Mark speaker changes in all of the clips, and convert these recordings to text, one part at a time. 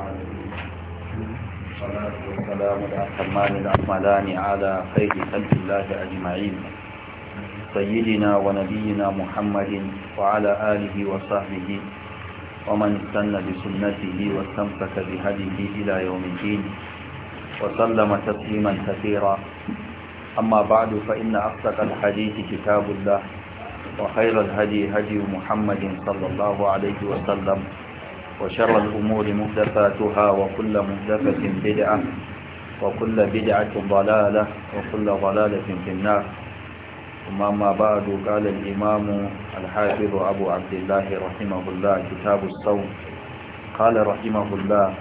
Speaker 1: والصلاة والسلام الأكمان
Speaker 2: الأكملان على خير خلق الله أجمعين سيدنا ونبينا محمد وعلى آله وصحبه ومن سن بسنته واستمسك بهديه إلى يوم الدين وسلم تسليما كثيرا أما بعد فإن أصدق الحديث كتاب الله وخير الهدي هدي محمد صلى الله عليه وسلم وشر الأمور مهدفاتها وكل مهدفة بدعة وكل بدعة ضلالة وكل ضلالة في النار ثم ما بعد قال الإمام الحافظ أبو عبد الله رحمه الله كتاب الصوم قال رحمه الله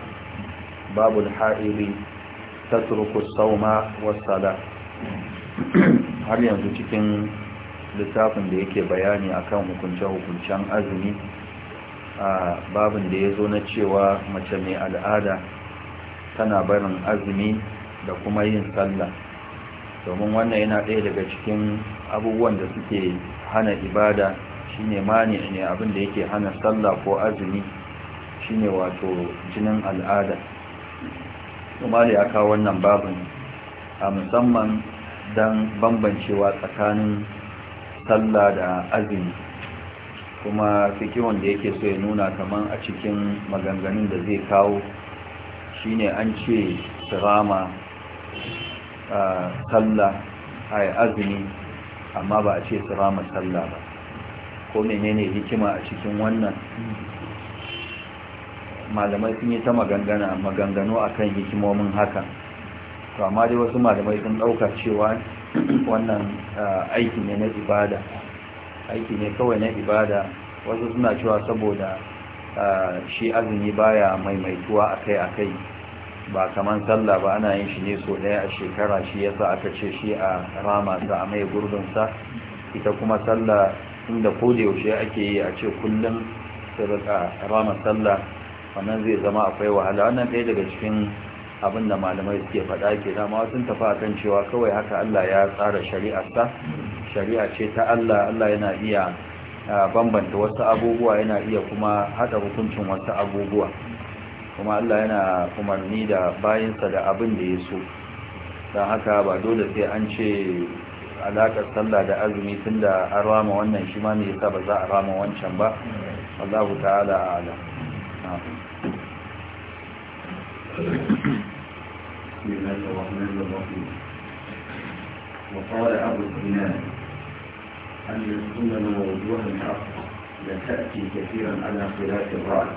Speaker 2: باب الحائض تترك الصوم والصلاة har yanzu cikin littafin da yake bayani akan hukunce-hukuncen azumi a babin da ya zo na cewa mace mai al'ada tana barin azumi da kuma yin sallah domin wannan yana ɗaya daga cikin abubuwan da suke hana ibada shine mani ne abin da yake hana sallah ko azumi shine wato jinin al'ada kuma da ya kawo wannan babin a musamman don bambancewa tsakanin sallah da azumi kuma fikihun wanda yake so ya nuna kamar a cikin maganganun da zai kawo shine an ce sirama sallah ai azumi amma ba a ce sirama sallah ba ko menene hikima a cikin wannan malamai sun yi ta magangana maganganu akan hikimomin haka. to amma dai wasu malamai sun ɗaukar cewa wannan aiki ne na ibada aiki ne kawai na ibada wasu suna cewa saboda shi azumi baya maimaituwa akai-akai ba kamar sallah ba ana yin shi ne so daya a shekara shi yasa aka ce shi a rama sa a mai sa ita kuma sallah inda yaushe ake yi a ce kullum a rama sallah wannan zai zama akwai wahala wannan ɗaya daga cikin abin da malamai suke faɗa ke dama sun tafi akan cewa kawai haka Allah ya tsara shari'arsa shari'a ce ta Allah Allah yana iya bambanta wasu abubuwa yana iya kuma hada hukuncin wasu abubuwa kuma Allah yana umarni da bayinsa da abin da ya so don haka ba dole sai an ce alaƙar sallah da azumi tun da an rama wannan shi ma ne yasa ba za a rama wancan ba allahu ta'ala ala
Speaker 1: وقال أبو سنان أن يكون موضوع الحق لتأتي كثيرا على خلاف الرأي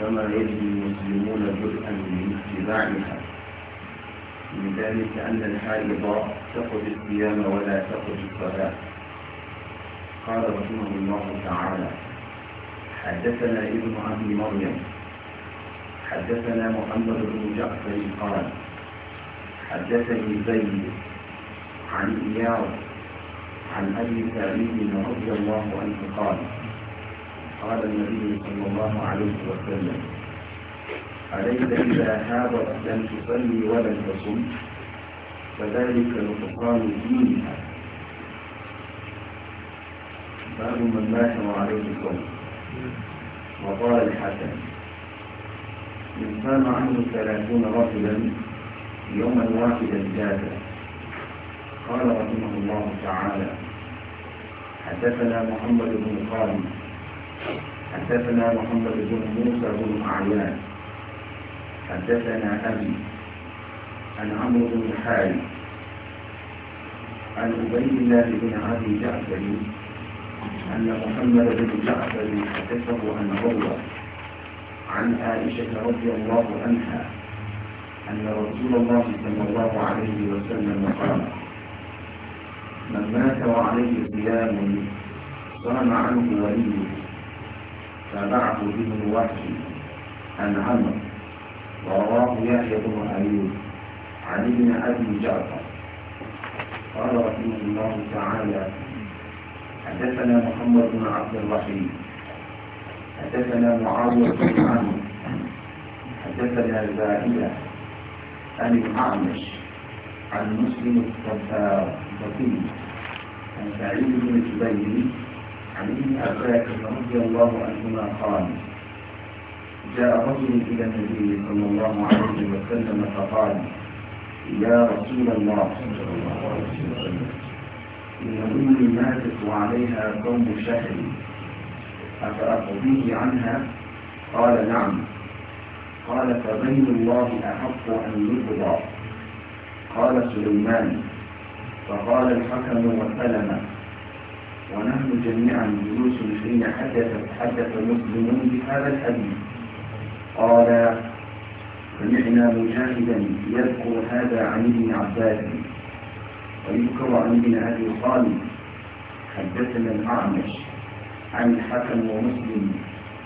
Speaker 1: كما يجد المسلمون جزءا من اتباعها من ذلك أن الحائض تقضي الصيام ولا تقضي الصلاة قال رحمه الله تعالى حدثنا ابن أبي مريم حدثنا محمد بن جعفر قال حدثني زيد عن إياه عن أبي سعيد رضي الله عنه قال قال النبي صلى الله عليه وسلم أليس إذا هابط لم تصلي ولم تصم فذلك نقصان دينها باب من مات عليه الصوم وقال الحسن من صام عنه ثلاثون رجلا يوما واحدا جاتا قال رحمه الله تعالى حدثنا محمد بن خالد حدثنا محمد بن موسى بن أعيان حدثنا أبي عن عمرو بن حارث عن ابي الله بن أبي جعفر أن محمد بن جعفر حدثه عن عروة عن عائشة رضي الله عنها أن رسول الله صلى الله عليه وسلم قال من مات وعليه قيام صام عنه وليه تابعه به الوحي عن عمر ورواه يحيى بن علي عن ابن ابي جعفر قال رحمه الله تعالى حدثنا محمد بن عبد الرحيم حدثنا معاويه بن عمرو حدثنا البائده عن الاعمش عن مسلم الكفار وفيه عن سعيد بن جبير عن ابن عباس رضي الله عنهما قال جاء رجل إلى النبي صلى الله عليه وسلم فقال يا رسول الله إن أمي ماتت وعليها قوم شهر أفأقضيه عنها قال نعم قال فغير الله أحق أن يقضى قال سليمان فقال الحكم وسلم ونحن جميعا جلوس حين حدث حدث مسلم بهذا الحديث قال سمعنا مجاهدا يذكر هذا عن ابن عباس ويذكر عن ابن ابي خالد حدثنا الاعمش عن الحكم ومسلم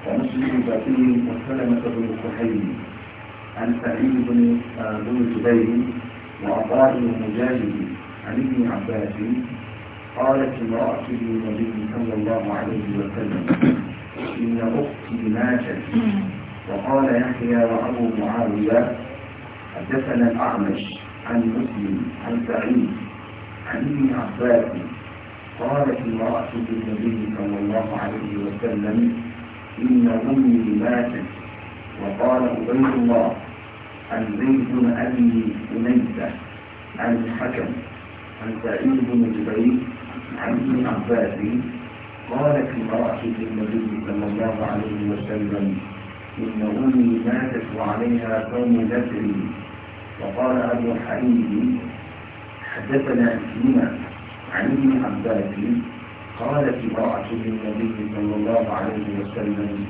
Speaker 1: ومسلم بقي وسلمة بن كحيل عن سعيد بن بن جبير وعطاء ومجاهد عن ابن عباس قالت امرأة للنبي صلى الله عليه وسلم إن أختي ماتت وقال يحيى وأبو معاوية حدثنا الأعمش عن مسلم عن سعيد عن ابن عباس قالت امرأة للنبي صلى الله عليه وسلم إن أمي ماتت وقال عبيد الله عن زيد بن أبي أنيسة عن الحكم عن سعيد بن جبريل عن ابن عباس قالت مراحل النبي صلى الله عليه وسلم إن أمي ماتت وعليها قوم بدر وقال أبو حنيفه حدثنا إسلمة عن ابن عباس قالت مراحل للنبي صلى الله عليه وسلم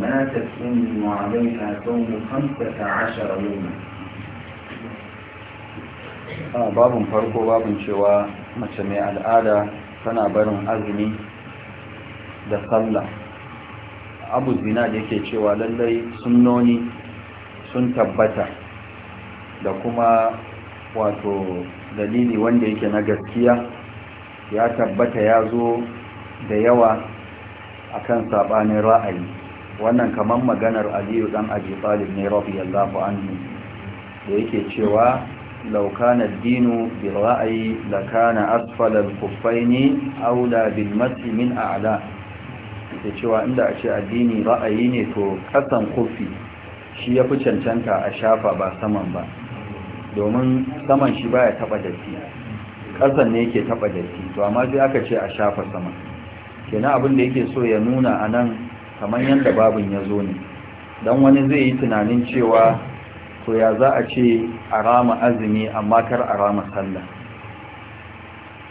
Speaker 1: ماتت أمي وعليها قوم خمسة عشر يوما
Speaker 2: a babin farko babin cewa mace mai al'ada tana barin azumi da sallah abu zina da yake cewa lallai sunnoni sun tabbata da kuma wato dalili wanda yake na gaskiya ya tabbata ya zo da yawa akan saɓanin ra'ayi wannan kamar maganar aliyu dan ajiyar ne ne yallafu anhu da yake cewa لو كان الدين بالرأي لكان أسفل الخفين أولى بالمس من أعلى cewa inda a ce addini ra'ayi ne to kasan kofi shi ya fi cancanta a shafa ba saman ba domin saman shi baya taba datti kasan ne yake taba datti to amma sai aka ce a shafa saman kenan abin da yake so ya nuna anan kamar yadda babin ya zo ne don wani zai yi tunanin cewa to ya za a ce a rama azumi amma kar a rama sallah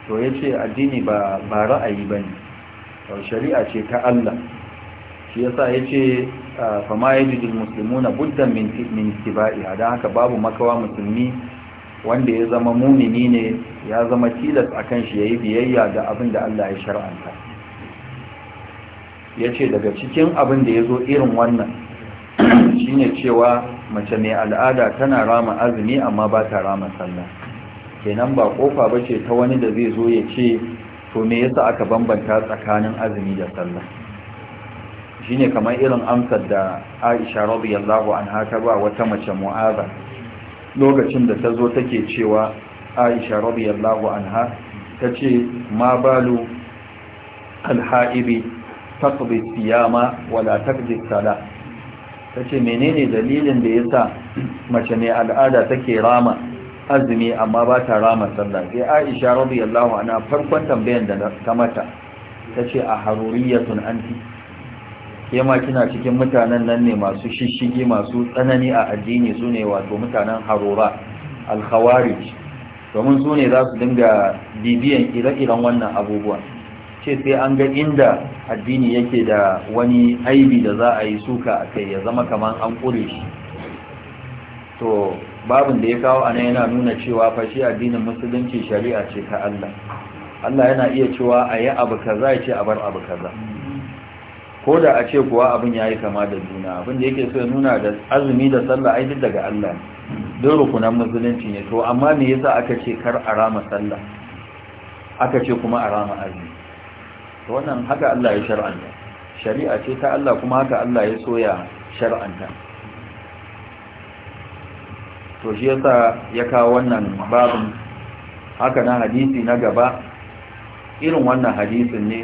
Speaker 2: to ya ce addini ba ra'ayi ba ne shari'a ce ta Allah shi yasa ya ce fama ya jijin musulmi na buddan minti ba'i don haka babu makawa musulmi wanda ya zama mumini ne ya zama tilas a kan shi ya yi biyayya da abin da Allah ya shar'anta ya ce daga cikin abin da ya zo irin wannan wannan ne cewa mace mai al'ada tana rama azumi amma ba ta rama sallah kenan ba kofa bace ta wani da zai zo ya ce to me yasa aka bambanta tsakanin azumi da sallah ne kamar irin amsar da Aisha radiyallahu anha ta ba wata mace mu'aza lokacin da ta zo take cewa Aisha radiyallahu anha tace ma balu alha'ibi: taqdi siyama wala taqdi salah ta ce menene dalilin da ya sa mace mai al'ada take rama azumi amma ba ta rama sallah sai aisha radiyallahu anha farkon tambayar da ta mata ta ce a haruriyatun anti ke ma kina cikin mutanen nan ne masu shishigi masu tsanani a addini sune wato mutanen harura khawarij domin sune ne za su dinga bibiyan ire-iren wannan abubuwan ce sai an ga inda addini yake da wani aibi da za a yi suka a kai ya zama kamar an ƙure shi to babin da ya kawo ana yana nuna cewa fashi addinin musulunci shari'a ce ta Allah Allah yana iya cewa a yi abu kaza ya ce a bar abu kaza ko da a ce kuwa abin ya yi kama da juna abin da yake so ya nuna da azumi da sallah ai daga Allah Don rukunan musulunci ne to amma me yasa aka ce kar a rama sallah aka ce kuma a rama azumi wannan haka Allah ya shar'anta shari'a ce ta Allah kuma haka Allah ya soya shar'anta to shi yasa ya kawo wannan babin haka na hadisi na gaba irin wannan hadisin ne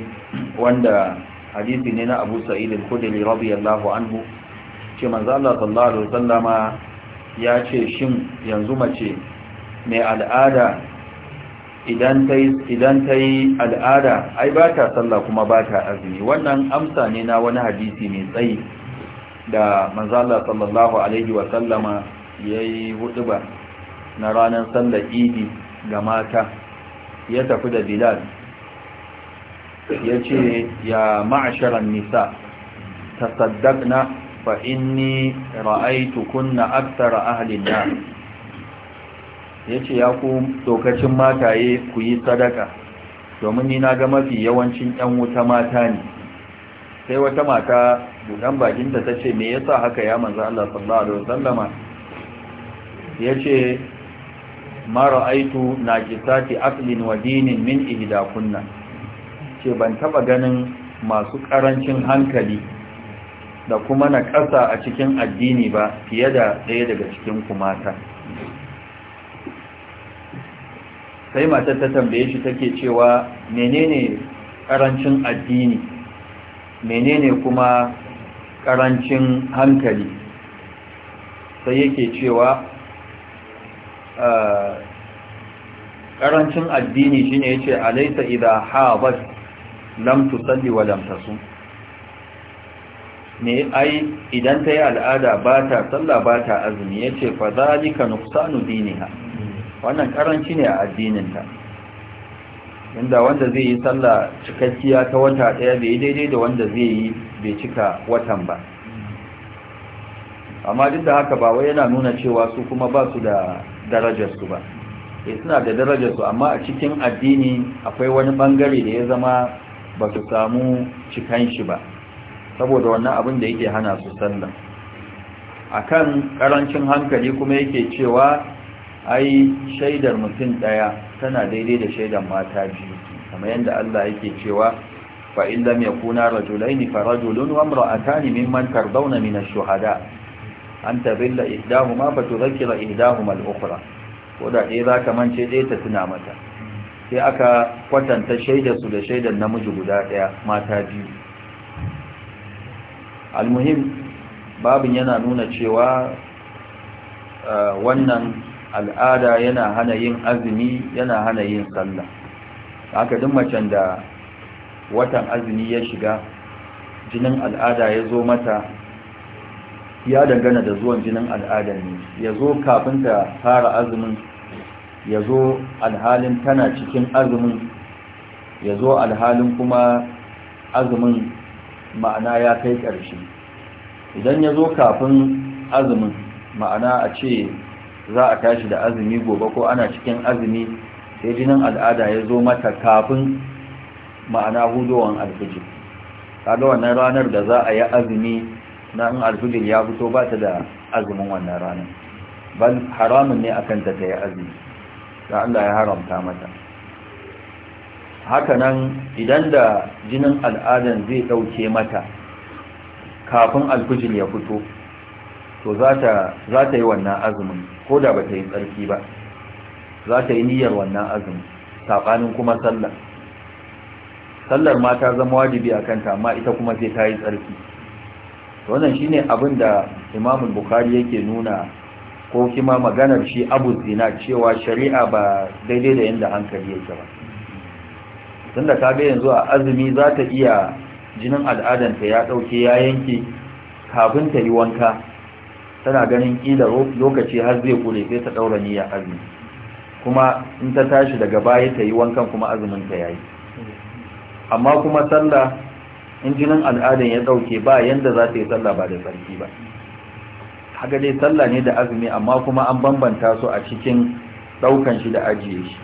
Speaker 2: wanda hadisi ne na Abu Sa'id al-Khudri radiyallahu anhu ce manzo Allah sallallahu alaihi wasallama ya ce shin yanzu mace mai al'ada idan ta yi al'ada ai ba ta sallah kuma ba ta azumi wannan amsa ne na wani hadisi mai tsayi da manzala sallallahu alaihi sallama ya yi huduba na ranar sallar idi ga mata ya tafi da bilal ya ce ya ma'asharar nisa ta saddakna fa inni ra'aitu kunna aksara ahalin nan ya ce ya ku dokacin mataye ku yi sadaka domin ni na ga mafi yawancin 'yan wuta mata ne sai wata mata buɗan bakinta ta ce me sa haka ya manzu Allah sallallahu alaihi wasallama ya ce ma ra'aitu najisati aqlin wa dinin min ihidakunna ce ban taba ganin masu ƙarancin hankali da kuma na ƙasa a cikin addini ba fiye da ɗaya daga cikin kumata sai mata ta tambaye shi take cewa menene karancin addini menene kuma karancin hankali sai yake cewa karancin addini shine yace alaysa idha habat lam tusalli wa lam ne ai idan ta yi al'ada ba ta sallah ba ta azumi ya ce fa zalika nuqsanu diniha wannan karanci ne a addininta inda wanda zai yi sallah cikakkiya ta wata ɗaya bai yi daidai da wanda zai yi bai cika watan ba amma duk da haka ba wai yana nuna cewa su kuma ba su da darajarsu ba e suna da darajarsu amma a cikin addini akwai wani bangare da ya zama ba su samu cikan shi ba saboda wannan abin da yake hana su sallah akan ƙarancin hankali kuma yake cewa ai shaidar mutum ɗaya tana daidai da shaidar mata biyu kamar yadda Allah yake cewa fa in lam yakuna rajulain fa rajulun wa imra'atan mimman tardawna min ash-shuhada an tadilla ihdahuma fa tudhakkira ihdahuma al-ukhra ko da dai zaka mance dai ta tuna mata sai aka kwatanta shaidar su da shaidar namiji guda ɗaya mata biyu al-muhim babin yana nuna cewa eh, wannan al'ada yana hana yin azumi yana hana yin sallah haka duk macen da watan azumi ya shiga jinin al'ada ya zo mata ya dangana da zuwan jinin al'ada ne ya zo kafin ta fara azumin ya zo alhalin tana cikin azumin ya zo alhalin kuma azumin ma'ana ya kai ƙarshe idan ya zo kafin azumin ma'ana a ce za a tashi da azumi gobe ko ana cikin azumi sai jinin al'ada ya zo mata kafin ma'ana hudowan alfijir kaga wannan ranar da za a yi azumi na in alfijir ya fito ba ta da azumin wannan ranar bal haramun ne akan ta ta yi azumi da Allah ya haramta mata hakanan idan da jinin al'adan zai ɗauke mata kafin alfijir ya fito to za ta yi wannan azumin ko da ba ta yi tsarki ba za ta yi niyyar wannan azumin saƙanin kuma sallar sallar ma ta zama wajibi a kanta amma ita kuma sai ta yi tsarki wannan shine abin da imamul bukhari yake nuna ko kuma maganar shi abu zina cewa shari'a ba daidai da yadda hankali yake ba tunda ka ga yanzu a azumi za ta iya jinin al'adanta ya ɗauke ya yanke kafin ta yi wanka tana ganin kila lokaci har zai kure sai ta daura niyya azumi kuma in ta tashi daga baya ta yi wankan kuma azumin ta yayi amma kuma sallah in jinin al'adan ya ɗauke, ba yanda za ta yi sallah ba da sarki ba haka dai sallah ne da azumi amma kuma an bambanta su a cikin daukan shi da ajiye shi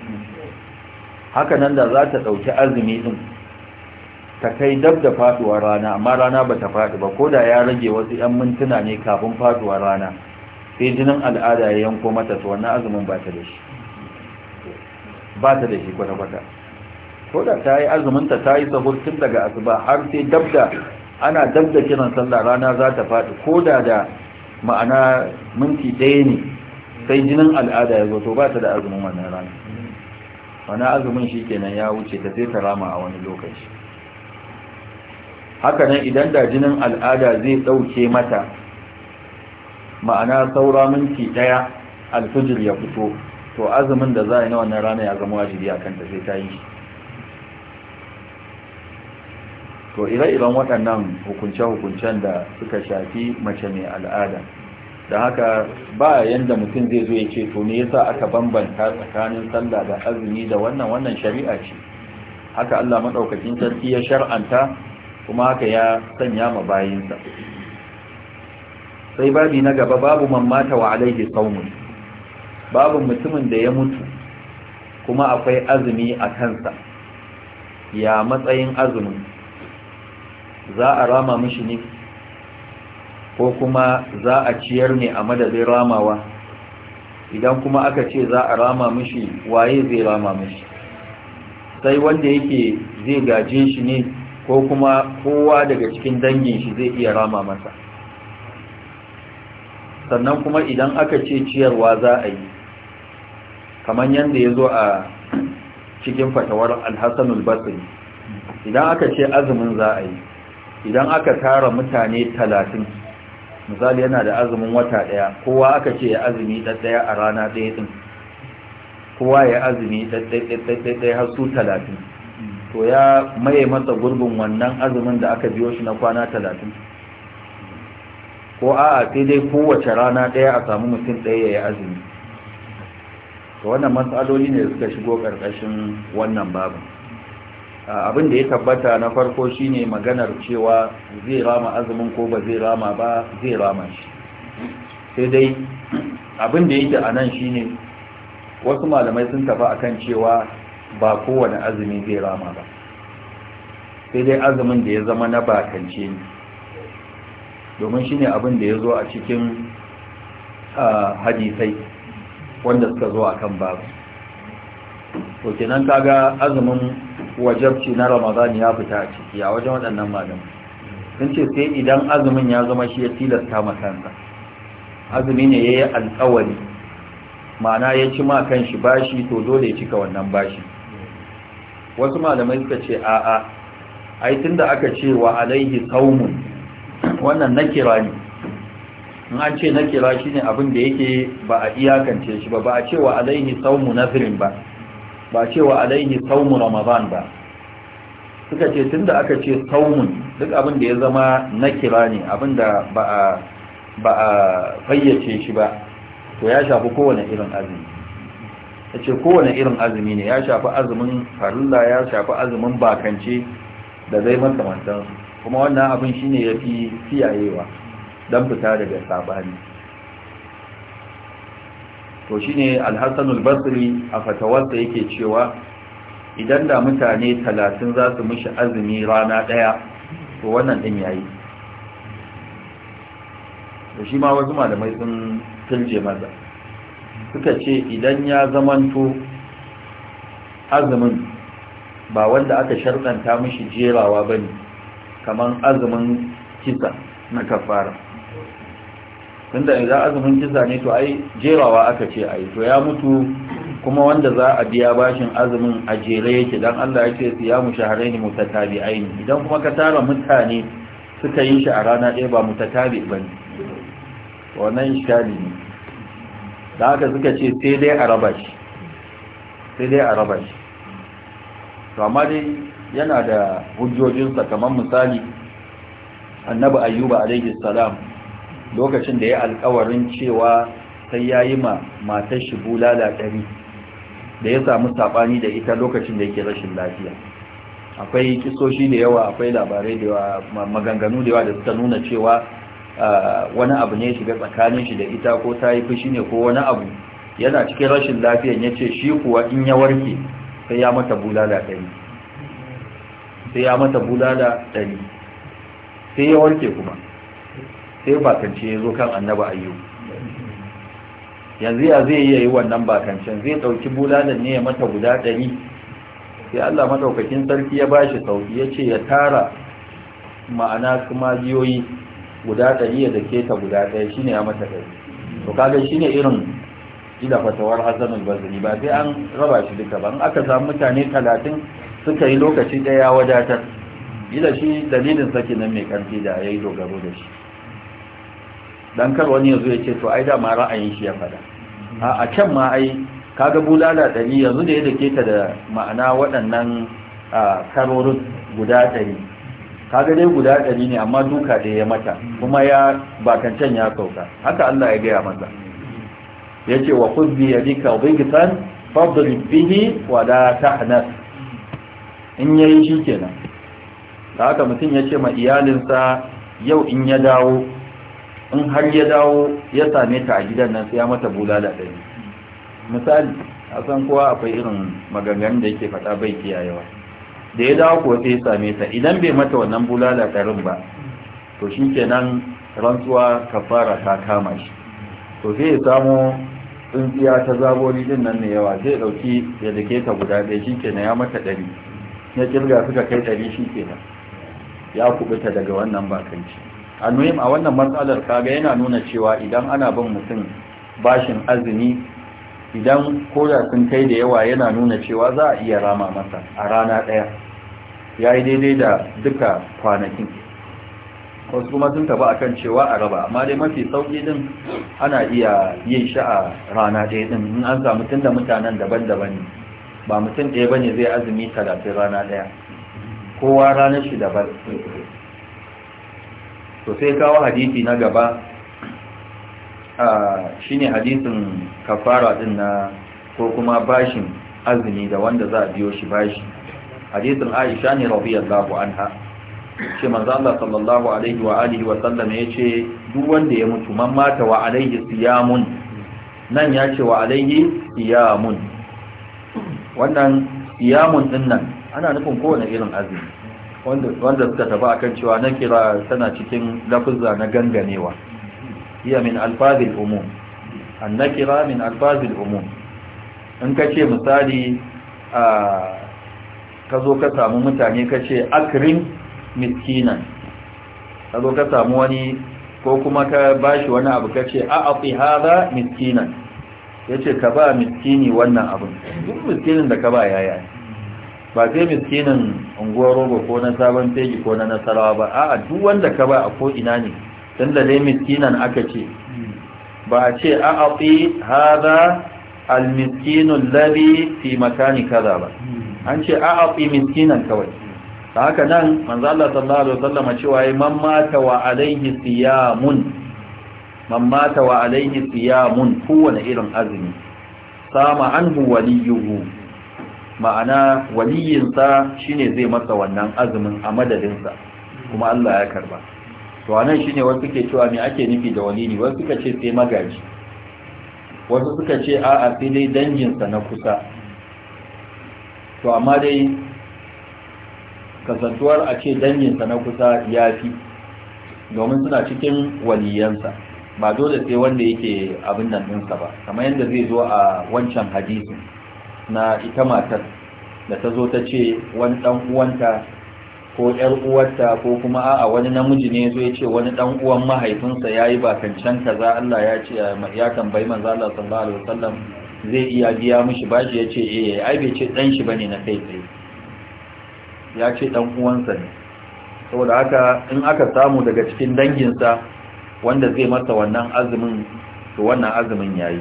Speaker 2: haka nan da za ta ɗauki azumi din ta kai dab da faduwar rana amma rana ba ta faɗi ba ko da ya rage wasu 'yan mintuna ne kafin faduwar rana sai jinin al'ada ya yanko mata to wannan azumin ba ta da shi ba ta da shi kwata-kwata ko da ta yi azuminta ta yi sahur tun daga asuba har sai dab da ana dab da kiran sallah rana za ta faɗi ko da da ma'ana minti ɗaya ne sai jinin al'ada ya zo to ba ta da azumin wannan rana wani azumin shi kenan ya wuce ta sai ta rama a wani lokaci haka nan idan da jinin al'ada zai ɗauke mata ma'ana saura minti ɗaya alfijir ya fito to azumin da za a yi na wannan rana ya zama wajibi a kanta sai ta yi to ire-iren waɗannan hukunce-hukuncen da suka shafi mace mai al'ada da haka ba yanda mutum zai zo ya ce to ne yasa aka bambanta tsakanin sallah da azumi da wannan wannan shari'a ce haka Allah madaukakin sarki ya shar'anta kuma haka ya sanya ma bayinsa sai babi na gaba babu mamata wa alaihi saumun babu mutumin da ya mutu kuma akwai azumi a kansa ya matsayin azumin za a rama mishi ne ko kuma za a ciyar ne a madadin ramawa idan kuma aka ce za a rama mishi waye zai rama mishi sai wanda yake zai gaje shi ne ko kuma kowa daga cikin dangin shi zai iya rama masa sannan kuma idan aka ce ciyarwa za a yi kamar yadda ya zo a cikin fatawar alhassanul basri idan aka ce azumin za a yi idan aka tara mutane talatin misali yana da azumin wata daya kowa aka ce ya azumi ɗaya a rana ɗaya ɗin kowa ya azumi ɗaya har su talatin to ya maye masa gurbin wannan azumin da aka biyo shi na kwana talatin ko a'a sai dai kowace rana ɗaya a samu mutum ɗaya ya yi azumi to wannan matsaloli ne suka shigo ƙarƙashin wannan babin abin da ya tabbata na farko shine maganar cewa zai rama azumin ko ba zai rama ba zai rama shi sai dai abin da yake a nan shine wasu malamai sun tafi akan cewa ba kowane azumi zai rama ba sai dai azumin da ya zama na bakance ne domin shine abin da ya zo a cikin hadisai wanda suka zo a kan babu to kenan kaga azumin wajabci na ramadan ya fita a ciki a wajen waɗannan malamu sun ce sai idan azumin ya zama shi ya tilasta makansa azumi ne ya yi alkawari ma'ana ya ci ma kan shi bashi to dole ya cika wannan bashi wasu malamai suka ce a'a ai tunda aka ce wa alaihi saumun wannan nakira ne in an ce nakira shine abin da yake ba a iyakance shi ba ba a ce wa alaihi saumu nafirin ba ba a ce wa alaihi saumu ramadan ba suka ce tunda aka ce saumun duk abin da ya zama nakira ne abin da ba a fayyace shi ba to ya shafi kowane irin azumi ya ce kowane irin azumi ne ya shafi azumin farilla ya shafi azumin bakance da zai makamantansu kuma wannan abin shine ya fi kiyayewa don fita daga sabani to shine alhassanul basri a fatawarsa yake cewa idan da mutane talatin za su mishi azumi rana ɗaya to wannan ɗin yi. da shi ma wasu malamai sun tilje maza suka ce idan ya zamanto azumin ba wanda aka sharɗanta mishi jerawa ba ne kamar azumin kisa na kafara tunda idan azumin kisa ne to ai jerawa aka ce ai to ya mutu kuma wanda za a biya bashin azumin a jere yake don allah ya ce ya mu shahararri aini, idan kuma ka tara mutane suka yi shi a rana ɗaya ba mutatabi ba ne wannan shi ne da haka suka ce sai dai a raba shi sai dai a raba shi to amma dai yana da hujjojinsa kamar misali annabi ayyuba alaihi salam lokacin da ya alkawarin cewa sai ya yi ma matar shi bulala ɗari da ya samu saɓani da ita lokacin da yake rashin lafiya akwai kisoshi da yawa akwai labarai da maganganu da yawa da suka nuna cewa wani abu ne shiga tsakanin shi da ita ko ta yi fushi ne ko wani abu yana cikin rashin lafiyan ya ce shi kuwa in ya warke sai ya mata bulala ɗari sai ya mata bulala ɗari sai ya warke kuma sai bakance ya zo kan annaba ayyu yanzu ya zai iya yi wannan bakancen zai ɗauki bulalar ne ya mata guda ɗari sai allah maɗaukakin sarki ya ba shi sauki ya ce ya tara ma'ana kuma biyoyi guda ɗari ya ke ta guda ɗaya shine a mata ɗari to kaga ne irin ila fatawar hasanul basri ba sai an raba shi duka ba in aka samu mutane talatin suka yi lokaci ɗaya wadatar ila shi dalilin saki nan mai ƙarfi da ya yi dogaro da shi dan kar wani yanzu ya ce to ai da ma ra'ayin shi ya fada a a can ma ai kaga bulala ɗari yanzu da ya dake ta da ma'ana waɗannan karorin guda ɗari kaga dai guda ɗari ne amma duka da ya mata kuma ya bakancan ya sauka haka Allah ya gaya masa ce wa khudh bi yadika dhigtan fadrib bihi wa la tahnas in yayi shi kenan da haka mutum ya ce ma iyalinsa yau in ya dawo in har ya dawo ya same ta a gidan nan sai ya mata bulala ɗari misali a san kowa akwai irin maganganun da yake faɗa bai kiyayewa da ya dawo kuwa sai ya same ta idan bai mata wannan bulala ɗarin ba to shi ke nan rantsuwa kafara ta kama shi to sai ya samo tsintsiya ta zagori din nan ne yawa zai dauki ya dake ta guda ɗaya shi ke na ya mata ɗari ya kirga suka kai ɗari shi ke nan. ya kubuta daga wannan bakanci a a wannan matsalar kaga yana nuna cewa idan ana bin mutum bashin azumi idan koda sun kai da yawa yana nuna cewa za a iya rama masa a rana ɗaya ya yi daidai da duka kwanakin wasu kuma sun taba kan cewa a raba amma dai mafi sauƙi din ana iya yin shi a rana ɗaya din in an samu tun da mutanen daban-daban ne ba mutum ɗaya ba ne zai azumi talatin rana ɗaya kowa ranar shi daban to sai kawo hadisi na gaba ah, shine hadisin kafara din na ko kuma bashin azumi da wanda za a biyo shi bashi hadisin Aisha ne radiyallahu anha ce manzo Allah sallallahu alaihi wa alihi wa sallam yace duk wanda ya mutu man mata wa alaihi siyamun nan ya ce wa alaihi siyamun wannan siyamun din nan ana nufin kowane irin azumi wanda wanda suka tafi akan cewa na kira tana cikin lafuzza na ganganewa hiya min alfazil umum annakira min alfazil umum in ka ce misali ka zo ka samu mutane ka ce akirin miskinan ka zo ka samu wani ko kuma ka bashi wani abu ka ce a afi miskinan ya ce ka ba miskini wannan abin duk miskinin da ka ba yaya ba sai miskinin unguwar rogo ko na sabon fegi ko na nasarawa ba "A'a duk wanda ka ba a ko ina ne tun da dai miskinan aka ce ba a ce a afi haza almiskinun labi fi makani kaza ba an ce a afi miskinan kawai ta haka nan manzo sallallahu alaihi wasallam cewa yi mamata wa alaihi siyamun man wa alaihi siyamun kowane irin azumi sama anhu waliyyuhu. ma'ana waliyinsa shine zai masa wannan azumin a madadinsa kuma Allah ya karba to anan shine wasu ke cewa me ake nufi da wali ne wasu suka ce sai magaji wasu suka ce a'a sai dai danginsa na kusa to amma dai kasantuwar a ce danginsa na kusa ya fi domin suna cikin waliyansa ba dole sai wanda yake abin nan ɗinsa ba kamar yadda zai zo a wancan hadisi na ita matar da ta zo ta ce wani dan uwanta ko ‘yar uwarta ko kuma a'a wani namiji ne zai ce wani dan uwan mahaifinsa yayi ba kancan kaza Allah ya ce ya tambayi manzo Allah sallallahu alaihi wasallam zai iya biya mishi bashi ya ce eh ai bai ce ɗan shi bane na kai tsaye ya ce dan uwansa ne saboda haka in aka samu daga cikin danginsa wanda zai masa wannan azumin to wannan azumin yayi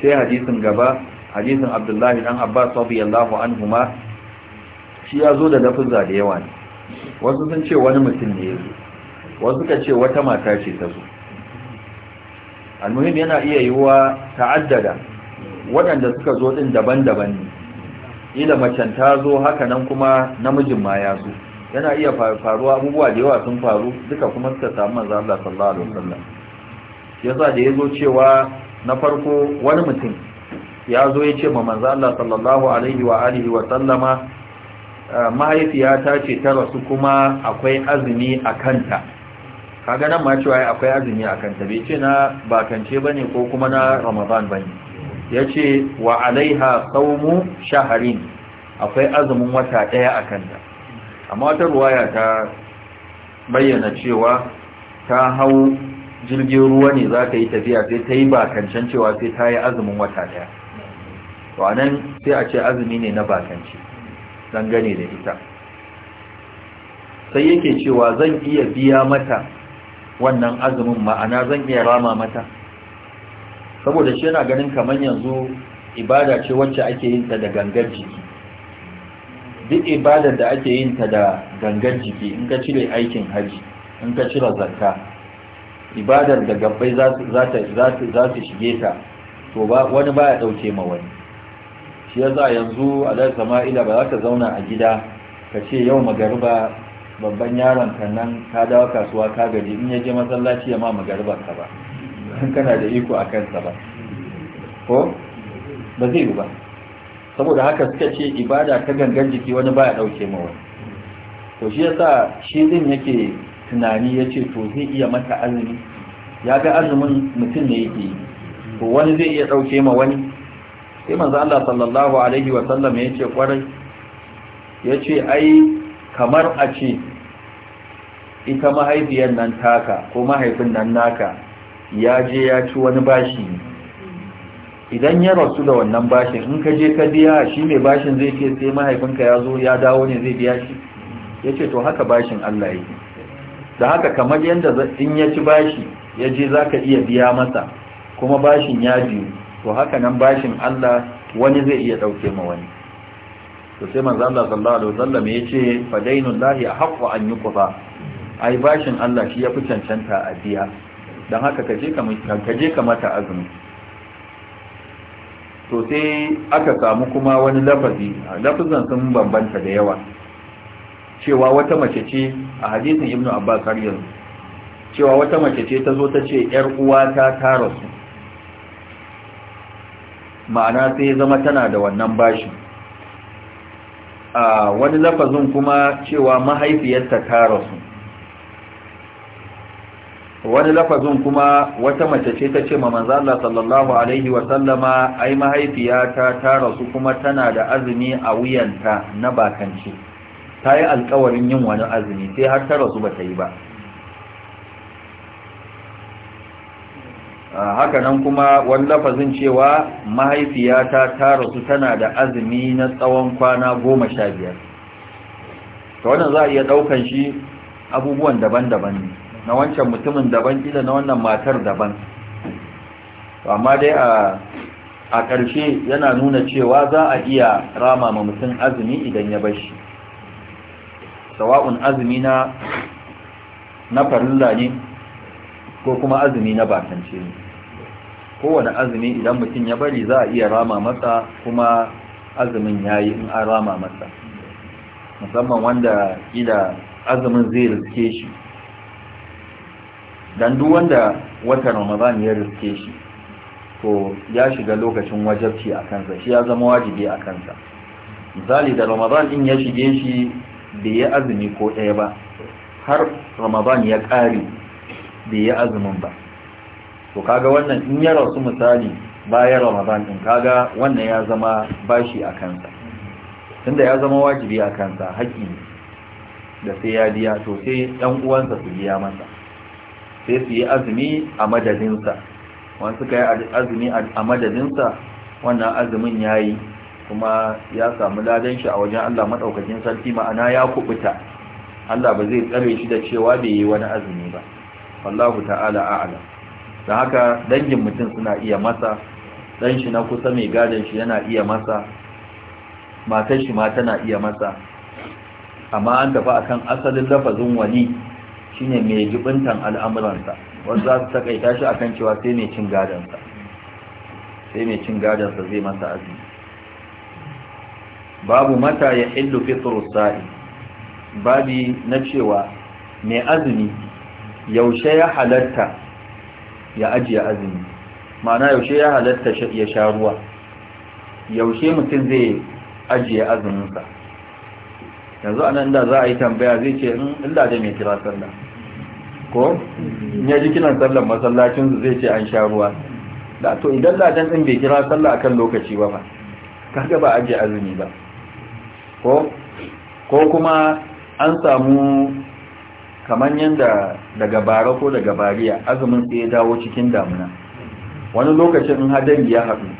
Speaker 2: sai hadisin gaba hadisin Abdullahi dan Abbas radiyallahu ma. shi ya zo da lafuzza da yawa ne wasu sun ce wani mutum ne ya zo wasu ka ce wata mata ce ta zo almuhim yana iya yiwuwa ta'addada waɗanda suka zo ɗin daban-daban ne ila macen ta zo haka nan kuma namijin ma ya zo yana iya faruwa abubuwa da yawa sun faru duka kuma suka samu manzo Allah sallallahu alaihi wasallam yasa da yazo cewa na farko wani mutum ya zo ya ce ma manzo Allah sallallahu alaihi wa alihi wa sallama Eh, mahaifiyata ce ta rasu kuma akwai azumi a kanta kaga nan ma cewa akwai azumi a kanta bai ce na bakance bane ko kuma na ramadan bane ce wa alaiha saumu shaharin akwai azumin wata daya a kanta amma wata ruwaya ta bayyana cewa ta hau jirgin ruwa ne za ta yi tafiya sai ta yi bakancen cewa sai ta yi azumin wata daya to anan sai a ce azumi ne na bakance dangane da ita sai yake cewa zan iya biya mata wannan azumin ma'ana zan iya rama mata saboda shi yana ganin kamar yanzu ibada ce wacce ake yin ta da gangar jiki duk ibadar da ake yin ta da gangar jiki in ka cire aikin haji in ka cire zakka ibadar da gabbai za ta shige ta to wani baya ɗauke ma wani shi yasa yanzu a da ila ba za ka zauna a gida ka ce yau magariba babban yaron ka nan ka dawo kasuwa ka gaji in ya je masallaci ya ma magariban ka ba kana da iko a kansa ba ko ba zai ba saboda haka suka ce ibada ta gangan jiki wani ya dauke ma wani to shi yasa shi din yake tunani ya ce to zai iya mata azumi ya ga azumin mutum ne yake to wani zai iya ɗauke ma wani sai manzo Allah sallallahu alaihi wa sallam yace kwarai yace ai kamar a ce ita mahaifiyar nan taka ko mahaifin nan naka ya je ya ci wani bashi idan ya rasu da wannan bashin in ka je ka biya shi mai bashin zai ce sai mahaifinka ya zo ya dawo ne zai biya shi ya ce to haka bashin Allah yake da haka kamar yadda in ya ci bashi ya je za ka iya biya masa kuma bashin ya biyu to haka nan bashin Allah wani zai iya dauke ma wani to sai manzo Allah sallallahu alaihi wasallam yace fadainul lahi haqqu an yuqfa ai bashin Allah shi fi cancanta a biya dan haka kaje ka kaje ka mata azumi to sai aka samu kuma wani lafazi lafazan sun bambanta da yawa cewa wata mace ce a hadisin ibnu abbas har yanzu cewa wata mace ce ta zo ta ce ‘yar uwata ta rasu ma'ana sai zama tana da wannan bashi a wani lafazin kuma cewa mahaifiyarta ta rasu wani lafazin kuma wata mace ce ta ce ma zalla sallallahu alaihi wa sallama ai mahaifiyata ta rasu kuma tana da azumi a wuyanta na bakance ta yi alkawarin yin wani azumi sai har ta rasu ba ta yi ba haka nan kuma wani lafazin cewa mahaifiyata ta rasu tana da azumi na tsawon kwana goma sha biyar ta wannan za a iya ɗaukan shi abubuwan daban-daban ne na wancan mutumin daban ila na wannan matar daban amma dai a ƙarshe yana nuna cewa za a iya rama ma mutum azumi idan ya bashi sawa'un azumi na farilla ne ko kuma azumi na bakance ne kowane azumi idan mutum ya bari za a iya rama masa kuma azumin ya yi in an rama masa musamman wanda ila azumin zai riske shi don duk wanda watan ramadan ya riske shi to ya shiga lokacin wajabci a kansa shi ya zama wajibi a kansa misali da ramadan din ya shige shi bai yi azumi ko ɗaya ba har ramadan ya ƙare bai yi azumin ba to kaga wannan in ya rasu misali bayan ramadan din kaga wannan ya zama bashi a kansa tunda ya zama wajibi a kansa haƙƙi da sai ya biya to sai ɗan uwansa su biya masa sai su yi azumi a madadinsa wani suka yi azumi a madadinsa wannan azumin ya yi kuma ya samu ladan shi a wajen Allah maɗaukakin sarki ma'ana ya kubuta Allah ba zai tsare shi da cewa bai yi wani azumi ba wallahu ta'ala a'lam da haka dangin mutum suna iya masa dan shi na kusa mai gadon shi yana iya masa matar shi ma tana iya masa amma an tafi akan asalin lafazin wali shine mai jibintan al'amuransa wanda za su takaita shi akan cewa sai mai cin gadonsa sai mai cin gadonsa zai masa azumi babu mata ya illu fitru sa'i babi na cewa mai azumi yaushe ya halatta ya ajiye azumi ma'ana yaushe ya halatta ya sha ruwa yaushe mutum zai ajiye azuminsa yanzu a nan da za a yi tambaya zai ce hmm, in da da mai kira sallah ko ya ji kiran sallar masallacin zai ce an sha ruwa da to idan ladan din bai kira sallah akan lokaci ba ba kaga ba ajiye azumi ba ko kuma an samu kamar yadda daga bara ko daga bariya azumin sai ya dawo cikin damuna wani lokacin in hadari ya haɗu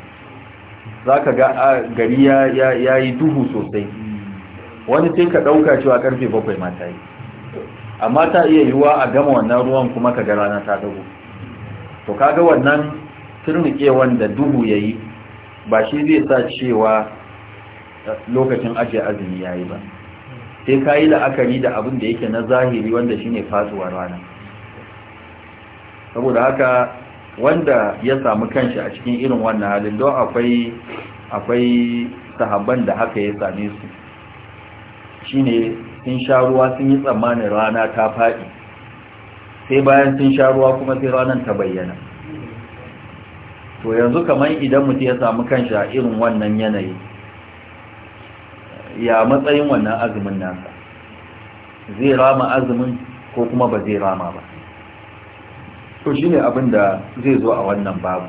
Speaker 2: za ka ga gari ya yi duhu sosai wani sai ka ɗauka cewa karfe bakwai mata yi amma ta iya yiwuwa a gama wannan ruwan kuma ka ga rana ta dago to kaga wannan turnikewan da duhu ya yi ba shi zai sa cewa eh, lokacin ajiye azumi ya yi ba sai ka yi la'akari da abin da yake na zahiri wanda shine fasuwar rana saboda haka wanda ya samu kanshi a cikin irin wannan halin don akwai akwai sahabban da haka ya same su ne sun sha ruwa sun yi tsammanin rana ta faɗi sai bayan sun sha ruwa kuma sai ranar ta bayyana to yanzu kamar idan mutum ya samu kanshi a irin wannan yanayi ya matsayin wannan azumin nasa zai rama azumin ko kuma ba zai rama ba to shi ne abin da zai zo a wannan babu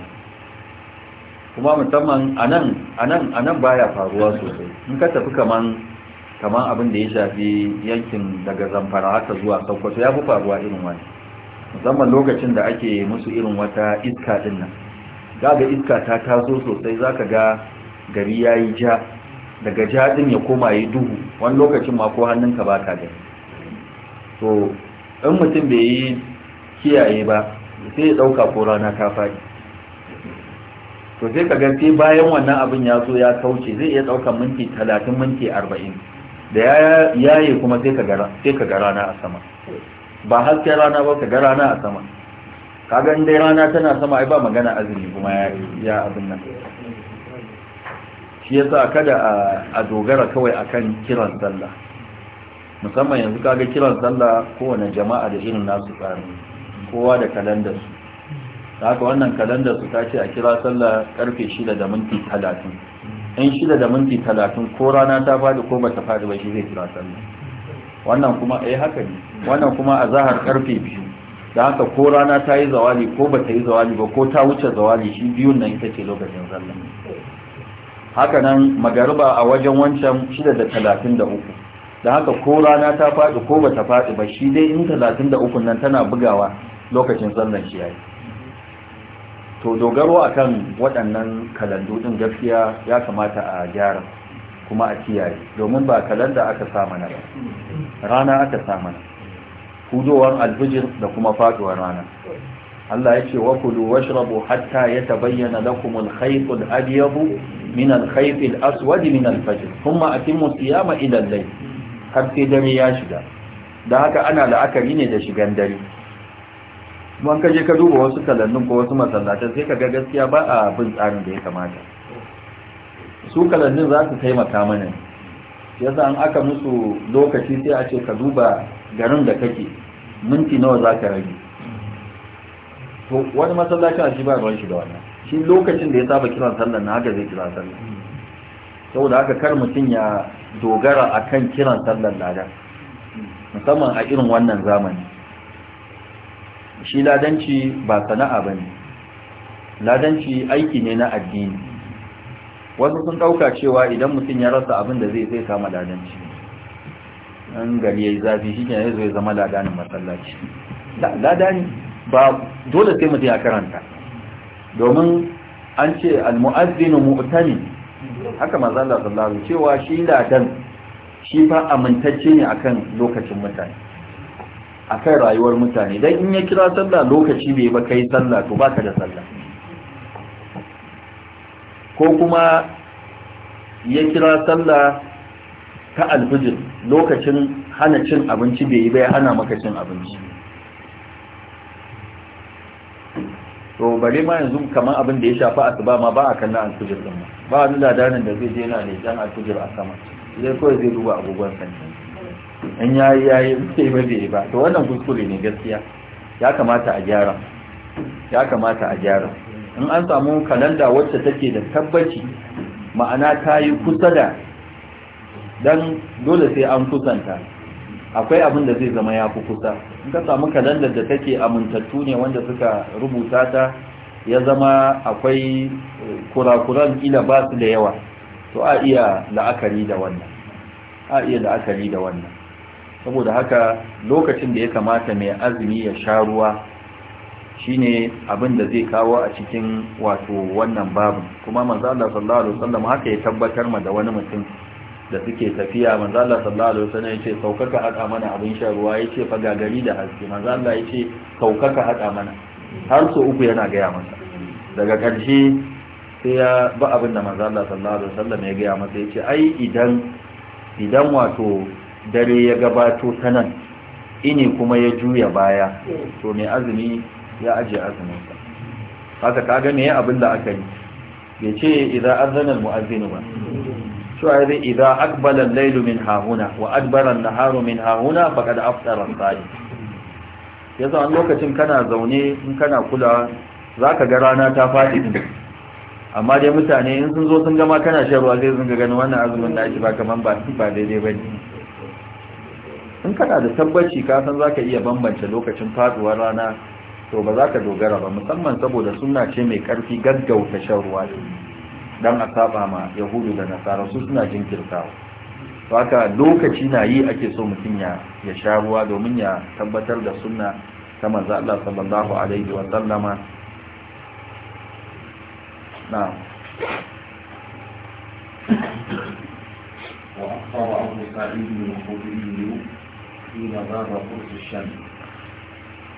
Speaker 2: kuma musamman a nan baya faruwa sosai in ka tafi kaman kaman abin da ya shafi yankin daga zamfara haka zuwa sokoto ya fi faruwa irin wani musamman lokacin da ake musu irin wata iska din nan ga iska ta taso sosai za ka ga gari ya yi ja daga jadin ya koma yi duhu wani lokacin ma ko hannunka ba ka gani to in mutum bai yi kiyaye ba sai ya dauka ko rana ta faɗi to sai ka ga sai bayan wannan abin ya zo ya kauce zai iya daukan minti talatin minti arba'in da ya yi kuma sai ka ga rana a sama ba haske rana ba ka ga rana a sama kaga in dai rana tana sama ai ba magana azumi kuma ya abin nan shi ya sa kada a dogara kawai akan kiran sallah musamman yanzu kaga kiran sallah kowane jama'a da irin nasu tsari kowa da kalandar su haka wannan kalandar su ta ce a kira sallah karfe shida da minti talatin. in shida da minti talatin ko rana ta faɗi ko bata faɗi ba shi zai kira sallah wannan kuma yi eh, haka ne wannan kuma a zahar karfe biyu. da haka ko rana ta yi zawali ko bata yi zawali ba ko ta wuce zawali shi biyun nan ita ce lokacin sallah haka nan magariba a wajen wancan shida da haka ko rana ta faɗi ko ba ta faɗi ba shi dai in talatin da nan tana bugawa lokacin sallan shi yayi to dogaro akan waɗannan kalandu ɗin gaskiya ya kamata a gyara kuma a kiyaye domin ba kalanda aka samu na ba rana aka samu hudowar alfijir da kuma faduwar rana Allah ya ce wa kulu washrabu hatta yatabayyana lakum al-khayt al-abyad min al-khayt al-aswad min al-fajr thumma atimmu siyama ila al-layl har sai dare ya shiga dan haka ana la'akari ne da shigan dare mun kaje ka duba wasu kalannun ko wasu masallatan sai ka ga gaskiya ba a bin tsarin da ya kamata su kalannun za su taimaka mana yasa an aka musu lokaci sai a ce ka duba garin da kake minti nawa za ka rage to wani masallacin a shi ba ruwan shi da wannan shi lokacin da ya saba kiran sallar na haka zai kira sallar saboda haka kar mutum ya dogara a kan kiran sallar lada, musamman a irin wannan zamani shi ladanci ba sana'a ba ne. ladanci aiki ne na addini wasu sun ɗauka cewa idan mutum ya rasa abin da zai zai kama ladanci an gari yi zafi shi ne zai zama ladanin masallaci ladani ba dole sai mutum a karanta domin an ce almu'azzinu mu'tani haka manzo Allah sallallahu alaihi cewa shi da dan shi fa amintacce ne akan lokacin mutane akan rayuwar mutane dan in ya kira sallah lokaci bai ba kai sallah to baka da sallah ko kuma ya kira sallah ta alfijir lokacin hana cin abinci bai yi ba ya hana maka cin abinci to bare ma yanzu kamar abin da ya shafi asuba ma ba a kallon alfijir din ba wani ladanin da zai je yana alfijir a sama zai kawai zai duba abubuwan sanya in ya yi ya yi ba zai ba to wannan kuskure ne gaskiya ya kamata a gyara ya kamata a gyara in an samu kalanda wacce take da tabbaci ma'ana ta yi kusa da dan dole sai an kusanta akwai abin da zai zama ya fi kusa in ka samu kalandar da take amintattu ne wanda suka rubuta ta ya zama akwai kurakuran ila ba su da yawa to a iya la'akari da wannan a iya la'akari da wannan saboda haka lokacin da ya kamata mai azumi ya sha ruwa shine abin da zai kawo a cikin wato wannan babu kuma manzo Allah sallallahu alaihi wasallam haka ya tabbatar ma da wani mutum da suke tafiya manzo Allah sallallahu alaihi wasallam yace saukaka hada mana abin shan ruwa yace fa gagari da haske manzo Allah yace saukaka hada mana har so uku yana gaya masa daga ƙarshe sai ya ba abin da manzo Allah sallallahu alaihi wasallam ya gaya masa yace ai idan idan wato dare ya gabato ta nan ini kuma ya juya baya to mai azumi ya aje azumin sa haka kaga me abin da aka yi yace idan azana al ba cewa idza aqbala al-laylu min hahuna wa adbara an-naharu min hahuna faqad afṭara al saim yazo an lokacin kana zaune in kana kula zaka ga rana ta fadi din amma dai mutane in sun zo sun gama kana shan ruwa zai zunga gani wannan azumin nashi ba kaman ba ba daidai bane in kana da tabbaci ka san zaka iya bambance lokacin faduwar rana to ba za ka dogara ba musamman saboda suna ce mai karfi gaggauta shan ruwa don a saba ma yahudu da nasara su suna jinkirtawa haka lokaci na yi ake so mutum ya sha ruwa domin ya tabbatar da sunna ta manzo Allah sallallahu alaihi wa sallama
Speaker 3: na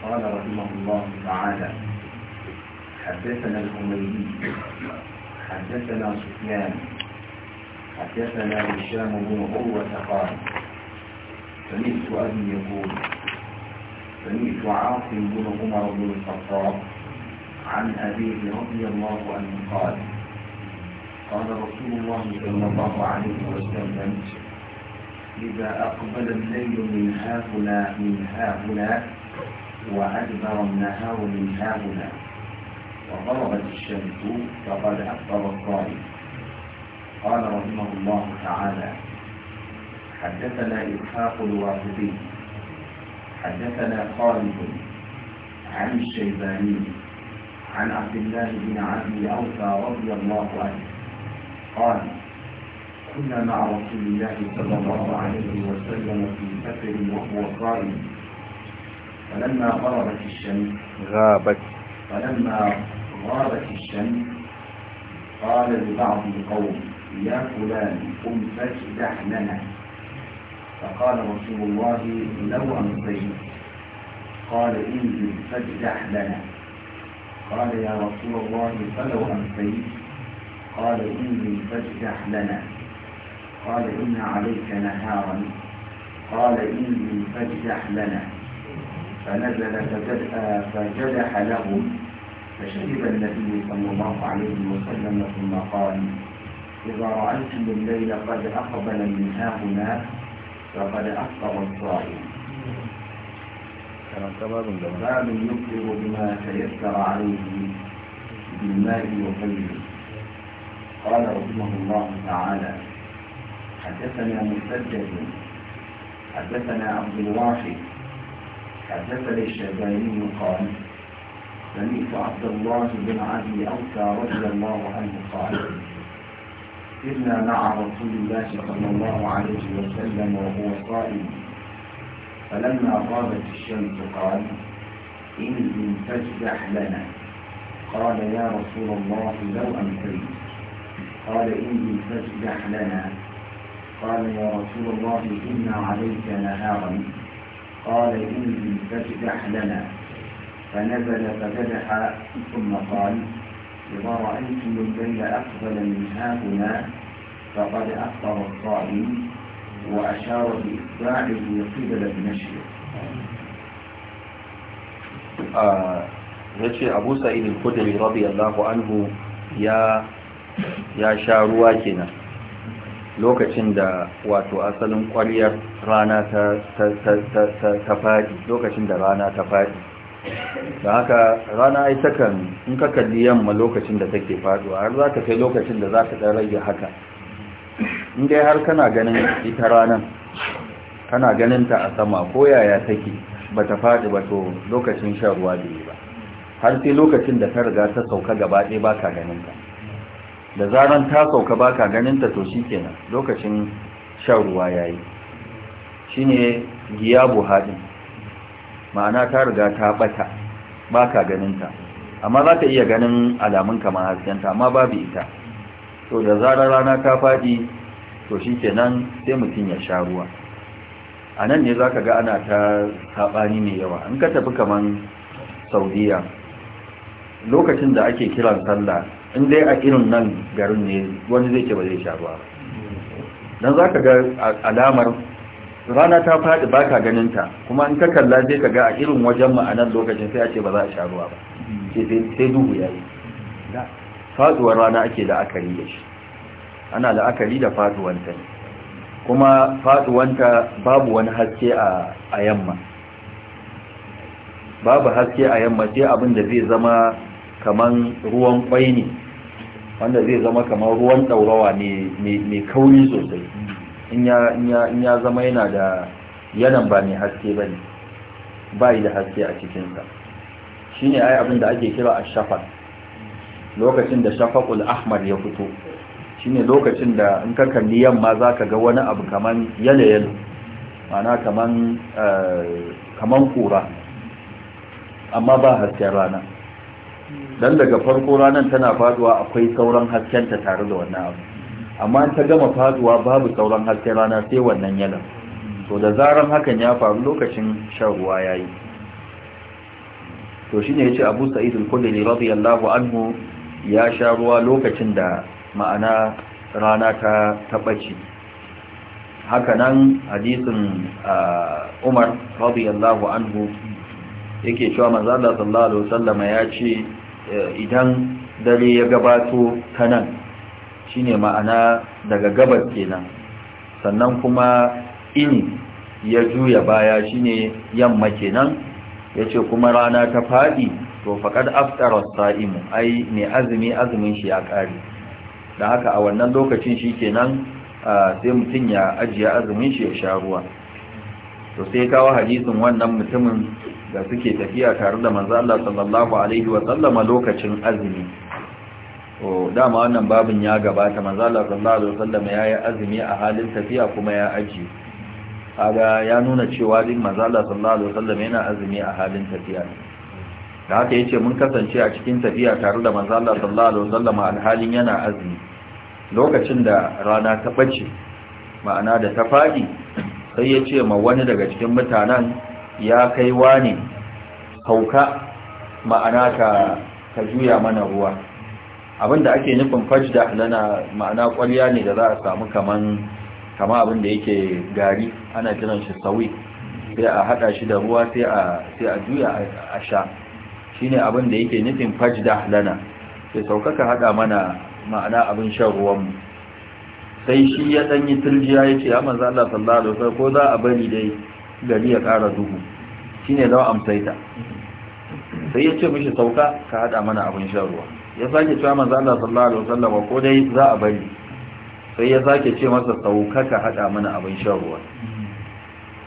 Speaker 1: قال رحمه الله تعالى حدثنا الحميدي حدثنا سفيان حدثنا هشام بن عروة قال سمعت أبي يقول سمعت عاصم بن عمر بن الخطاب عن أبيه رضي الله عنه قال قال رسول الله صلى الله عليه وسلم إذا أقبل الليل من هاهنا من هاهنا وأدبر النهار من هاهنا وغربت الشمس فقد أفضل الطائف قال رحمه الله تعالى حدثنا إسحاق الواسطي حدثنا خالد عن الشيباني عن عبد الله بن عبد أوفى رضي الله عنه قال كنا مع رسول الله صلى الله عليه وسلم في سفر وهو قائم فلما غربت الشمس غابت فلما غابت الشمس قال لبعض القوم يا فلان قم فاكدح لنا فقال رسول الله لو أمضيت قال انزل فاكدح لنا قال يا رسول الله فلو أمضيت قال انزل فاكدح لنا قال إن عليك نهارا قال انزل فاجدح لنا فنزل فجدح لهم فشرب النبي صلى الله عليه وسلم ثم قال إذا رأيتم الليل قد أقبل من هنا فقد أفطر الصائم باب يفطر بما تيسر عليه بالماء وغيره قال رحمه الله تعالى حدثنا مسجد حدثنا عبد الواحد حدثني الشيباني قال سمعت عبد الله بن عدي أوسى رضي الله عنه قال إنا مع رسول الله صلى الله عليه وسلم وهو صائم فلما غابت الشمس قال إن فاجدح لنا قال يا رسول الله لو أمسيت قال إني فاجدح لنا قال يا رسول الله إن عليك نهارا قال إني فاجدح لنا فنزل فذبح ثم قال إذا رأيتم الليل أفضل من هاهنا فقد أفطر الصائم وأشار بإتباعه قبل المشرق
Speaker 2: ya ce abu sa'idin kudiri radiyallahu anhu ya sha ruwa kenan lokacin da wato asalin kwaryar rana ta fadi lokacin da rana ta fadi da haka rana ai takan in ka kalli yamma lokacin da take faduwa har za ka kai lokacin da za ka ɗan rage haka in dai har kana ganin ita ranar kana ganin ta a sama ko yaya take ba ta faɗi ba to lokacin shan ruwa da ba har sai lokacin da ta riga ta sauka gaba ɗaya ba ka ganin ta da zaran ta sauka ba ka ganin ta to shi kenan lokacin shan ruwa yayi shine shi ne giya ma'ana ta riga ta bata ba ka ganinta amma za ka iya ganin alamun kamar haskenta amma babu ita to da zarar rana ta faɗi to shi kenan sai mutum ya sha ruwa a nan ne za ka ga ana ta saɓani mai yawa in ka tafi kamar saudiya lokacin da ake kiran sallah in dai a irin nan garin ne wani zai ce ba zai sha ruwa don za ka ga alamar rana ta faɗi ba ka ganinta kuma in ka kalla sai ka ga a irin wajen ma'anar lokacin sai a ce ba za a sha ruwa ba sai duhu ya yi faɗuwar rana ake la'akari da shi ana la'akari da faɗuwanta ne kuma faɗuwanta babu wani haske a yamma babu haske a yamma sai abin da zai zama kamar ruwan kwai ne wanda zai zama kamar ruwan ɗaurawa mai kauri sosai in ya zama yana da yanan ba mai haske ba ne ba yi da haske a cikinsa shi ne ai abinda ake kira a shafar lokacin da shafakul ahmar ya fito shi ne lokacin da in ka kalli yamma za ka ga wani abu kaman yalo mana eh, kaman kura amma ba hasken rana don daga farko ranar tana faduwa akwai sauran haskenta tare da wannan abu amma ta gama faduwa babu sauran hasken rana sai wannan yalan to da zaran hakan ya faru lokacin shan ruwa yayi to shine yace Abu Sa'id al-Khudri radiyallahu anhu ya sha ruwa lokacin da ma'ana rana ta tabbaci nan hadisin Umar radiyallahu anhu yake cewa manzo Allah sallallahu ya ce eh, idan dare ya gabato ta nan. shine ma'ana daga Gabas kenan sannan kuma ini ya juya baya shine yamma kenan yace kuma rana ta fadi to faqad aftara as-sa'imu ai ne azumi azumin shi ya kare da haka a wannan lokacin shi shikenan sai mutun ya ajiye azumin shi ya sha ruwa to sai kawo hadisin wannan mutumin da suke tafiya tare da manzo Allah sallallahu alaihi wa sallama lokacin azumi to dama wannan babin ya gabata manzo Allah sallallahu alaihi wasallam yayi azumi a halin tafiya kuma ya aji kaga ya nuna cewa din manzo Allah sallallahu alaihi wasallam yana azumi a halin tafiya da haka yace mun kasance a cikin tafiya tare da manzo Allah sallallahu alaihi wasallam alhalin yana azumi lokacin da rana ta bace ma'ana da ta fadi sai yace ma wani daga cikin mutanen ya kai wani hauka ma'ana ka ka juya mana ruwa Abin da ake nufin fajda lana ma'ana ƙwarya ne da za a samu kaman kama abinda yake gari ana kiran shi sawi sai a hada shi da ruwa sai a juya a sha shine abinda yake nufin fajda lana sai saukaka hada mana ma'ana abin shan ruwan mu sai shi ya dan yi turjiya yace ya manzo Allah sallallahu alaihi wasallam ko za a bari dai gari ya kara duhu shine da amsaita sai yace mishi sauka ka hada mana abin shan ruwa ya sake cewa manzo Allah sallallahu alaihi wasallam ko dai za a bari sai ya sake ce masa saukaka hada mana abin shan ruwa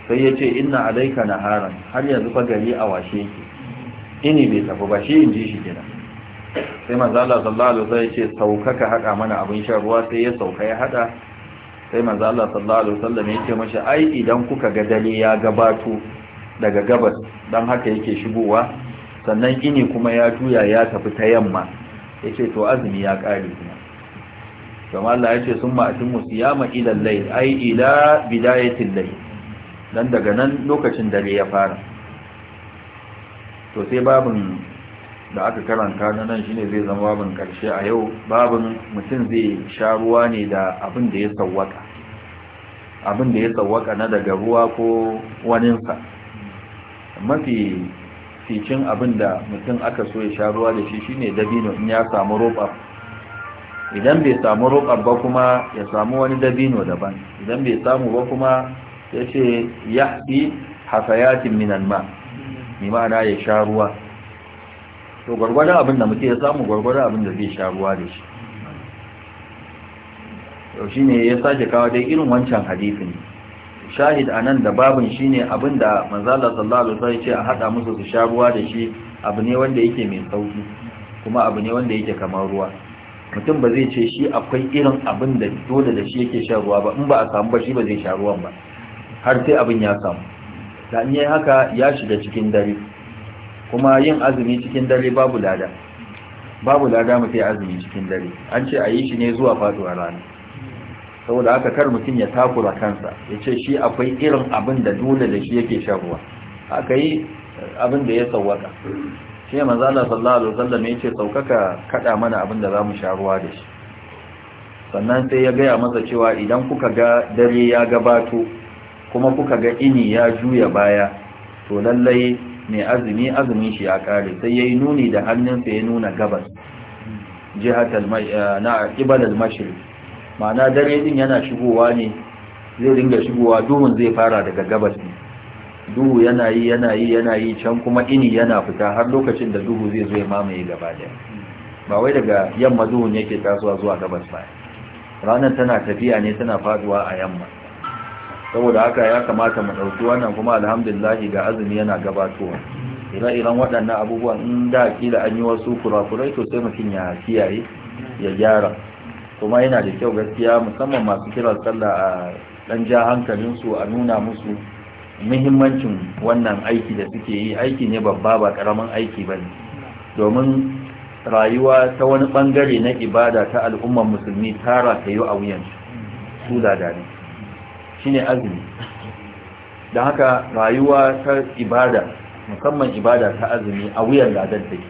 Speaker 2: sai ya ce inna alaika naharan har yanzu fa gari a washe yake ini bai tafi ba shi inji shi kenan sai manzo Allah sallallahu alaihi wasallam ya ce saukaka hada mana abin shan ruwa sai ya sauka ya hada sai manzo Allah sallallahu alaihi wasallam ya ce masa ai idan kuka ga dare ya gabato daga gabas dan haka yake shigowa sannan ini kuma ya juya ya tafi ta yamma Ya ce to azumi ya kare kuma kuma Allah sun sun atimmu siyama ila al-layl ai ila bidayati al-layl dan daga nan lokacin dare ya fara to sai babin da aka karanta na nan shine zai zama babin karshe a yau babin mutum zai sha ruwa ne da abin da ya sawwaka abin da ya sawwaka na daga ruwa ko waninsa mafi cikin abin da mutum aka so ya sha ruwa da shi shine dabino in ya samu roƙar, idan bai samu roƙar ba kuma ya samu wani dabino daban idan bai samu ba kuma ya ce ya ɗi hasayatin minan ma ni ma'ana ya sha ruwa to gwargwadon abin da mutum ya samu gwargwadon abin da zai sha ruwa da shi yau shi ne ya sake kawo dai irin wancan hadifin shahid a nan da babin shine ne abin da manzala sallallahu alaihi ce a hada musu su sha ruwa da shi abu ne wanda yake mai sauki kuma abu ne wanda yake kamar ruwa mutum ba zai ce shi akwai irin abin da dole da shi yake sha ruwa ba in ba a samu ba shi ba zai sha ruwan ba har sai abin ya samu da in yi haka ya shiga cikin dare kuma yin azumi cikin dare babu lada babu lada sai azumi cikin dare an ce a yi shi ne zuwa faɗuwar rana saboda haka kar mutum ya takura kansa ya ce shi akwai irin abin da dole da shi yake shan ruwa aka yi abin da ya sauwaka shi ya Allah sallallahu alaihi wasallam ya ce saukaka kada mana abin da zamu sha ruwa da shi sannan sai ya gaya masa cewa idan kuka ga dare ya gabato kuma kuka ga ini ya juya baya to lallai mai azumi azumin shi ya kare sai yayi nuni da hannunsa ya nuna gabas jihatal eh, na kibalal mashriq ma'ana dare din yana shigowa ne zai dinga shigowa duhun zai fara daga gabas ne duhu yana yi yana yi yana yi can kuma ini yana fita har lokacin da duhu zai zo ya mamaye gaba daya ba wai daga yamma duhun yake tasowa zuwa gabas ba ranar tana tafiya ne tana faduwa a yamma saboda haka ya kamata mu ɗauki wannan kuma alhamdulillahi ga azumi yana gabatowa ire-iren waɗannan abubuwan in da kila an yi wasu kurakurai to sai mutum ya kiyaye ya gyara kuma yana da kyau gaskiya musamman masu kiran sallah a dan ja hankalinsu a nuna musu muhimmancin wannan aiki da suke yi aiki ne babba ba karamin aiki ba ne domin rayuwa ta wani bangare na ibada ta al'ummar musulmi tara ta yi a wuyan su da ne shi ne azumi da haka rayuwa ta ibada musamman ibada ta azumi a wuyan ladar take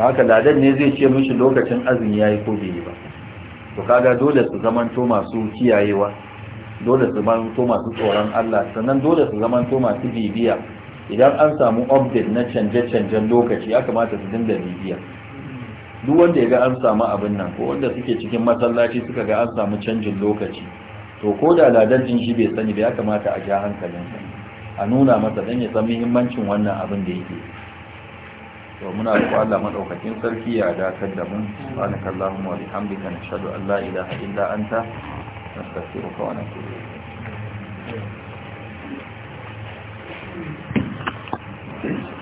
Speaker 2: da haka ladan ne zai ce mishi lokacin azumi yayi ko bai yi ba to kaga dole su to masu kiyayewa dole su to masu tsoron Allah sannan dole su to masu bibiya idan an samu update na canje-canjen lokaci ya kamata su dinga bibiya duk wanda ya ga an samu abin nan ko wanda suke cikin masallaci suka ga an samu canjin lokaci to ko da jin shi bai sani ba ya kamata a ja hankalinsa a nuna masa dan ya san muhimmancin wannan abin da yake to muna roƙon Allah madaukakin sarki ya dakatar da mu subhanaka allahumma wa bihamdika nashhadu an la ilaha illa anta nastaghfiruka wa natubu ilayk